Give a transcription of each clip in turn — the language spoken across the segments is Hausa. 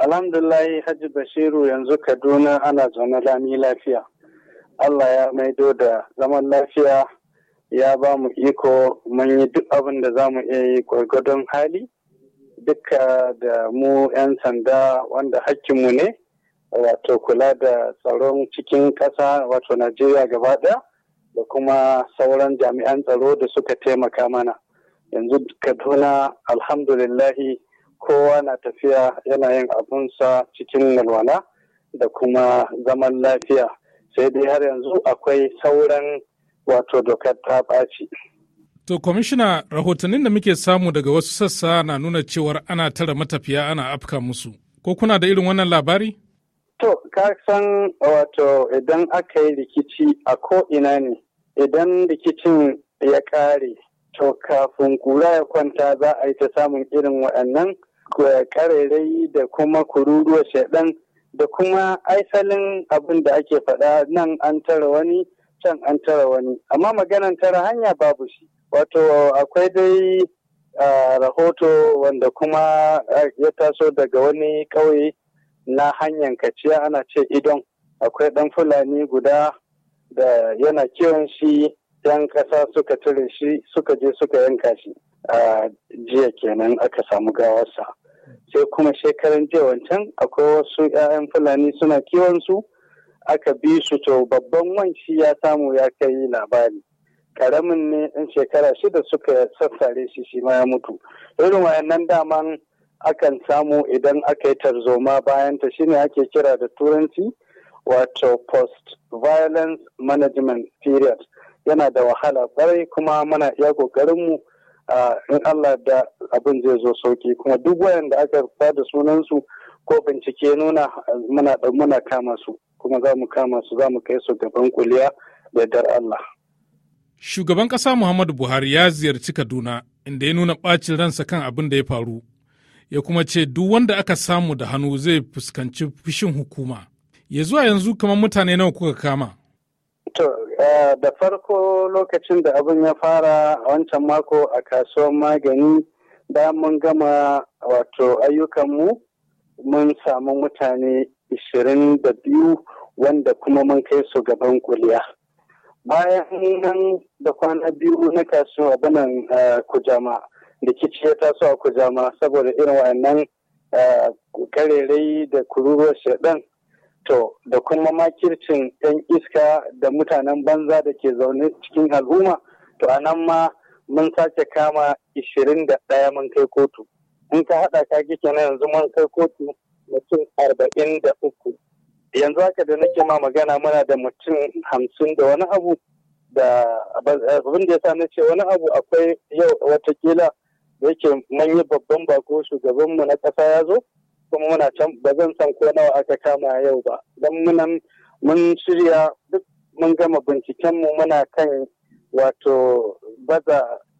alhamdulillah Hajji Bashiru yanzu Kaduna ana zaune lami lafiya. Allah ya maido da zaman lafiya ya ba mu iko mun yi duk abin da za mu iya yi gwargwadon hali duka da mu 'yan sanda wanda hakkinmu ne wato kula da tsaron cikin ƙasa wato Najeriya gaba ɗaya da kuma sauran jami'an tsaro da suka taimaka mana. Yanzu Kaduna alhamdulillahi kowa na tafiya yana yin abunsa cikin walwala da kuma zaman lafiya sai dai har yanzu akwai sauran wato dokar ta ɓaci. To kwamishina rahotannin da muke samu daga wasu sassa na nuna cewar ana tara matafiya ana afka musu. Ko kuna da irin wannan labari? To, ka san wato idan aka yi rikici a ina ne, idan rikicin ya ƙare, to kafin kura ya kwanta za a yi ta samun irin waɗannan ƙarairayi da kuma kururuwa shaɗan da kuma aisalin abin da ake faɗa nan an tara wani can an tara wani amma maganan tara hanya babu shi wato akwai dai rahoto wanda kuma ya taso daga wani ƙauye na hanyar kaciya ana ce idon akwai ɗan fulani guda da yana kiwon shi 'yan ƙasa suka cire shi suka je suka yanka shi jiya kenan aka samu gawarsa sai kuma shekaran jiya wancan akwai wasu 'ya'yan fulani suna kiwonsu aka bi su to babban wanci ya samu ya kai labari karamin ne in shekara shida suka sassare shi shi ma ya mutu irin wayannan daman akan samu idan aka yi tarzoma bayan ta shine ake kira da turanci wato post violence management period yana da wahala kwarai kuma mana iya kokarinmu mu in Allah da abin zai zo sauki kuma duk wayanda aka da sunansu ko bincike nuna muna muna kama su kuma za mu kama su za mu kai su gaban kuliya da dar Allah. Shugaban kasa Muhammadu Buhari ya ziyarci Kaduna inda ya nuna ɓacin ransa kan abin da ya faru ya kuma ce duk wanda aka samu da hannu zai fuskanci fushin hukuma. Ya zuwa yanzu kamar mutane nawa kuka kama. To, eh, da farko lokacin da abin ya fara a wancan mako a kasuwar magani da mun gama wato ayyukanmu mun samu mutane 22 wanda kuma mun kai su gaban kuliya. Bayan nan da kwana biyu na kasuwa banan eh, kujama da kici ya taso a kujama saboda irin wa'annan eh, karerai da kururuwar shaɗan. to da kuma makircin 'yan iska da mutanen banza da ke zaune cikin al'umma to a nan ma mun sake kama 21 mun kai kotu in ka haɗa ka gike na yanzu mun kai kotu mutum 43 yanzu haka da nake ma magana muna da mutum hamsin da wani abu da abin da ya sa na ce wani abu akwai yau watakila da yake manyan babban bako shugabanmu na ƙasa ya zo kuma muna can ba zan san ko nawa aka kama yau ba don munan mun shirya duk mun gama bincikenmu muna kan wato baza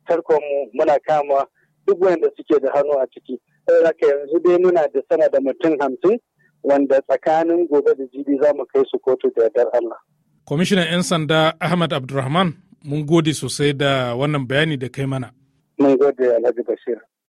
tarkonmu muna kama duk wanda suke da hannu a ciki sai haka yanzu dai muna da sana da mutum hamsin wanda tsakanin gobe da jibi za mu kai su kotu da yardar Allah. Kwamishinan 'yan sanda Ahmad Abdulrahman mun gode sosai da wannan bayani da kai mana. Mun gode Alhaji Bashir.